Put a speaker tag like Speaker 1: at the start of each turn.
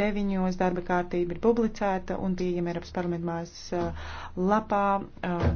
Speaker 1: deviņos darba kārtība ir publicēta un pieejama Eiropas parlamentu mājas uh, lapā. Uh,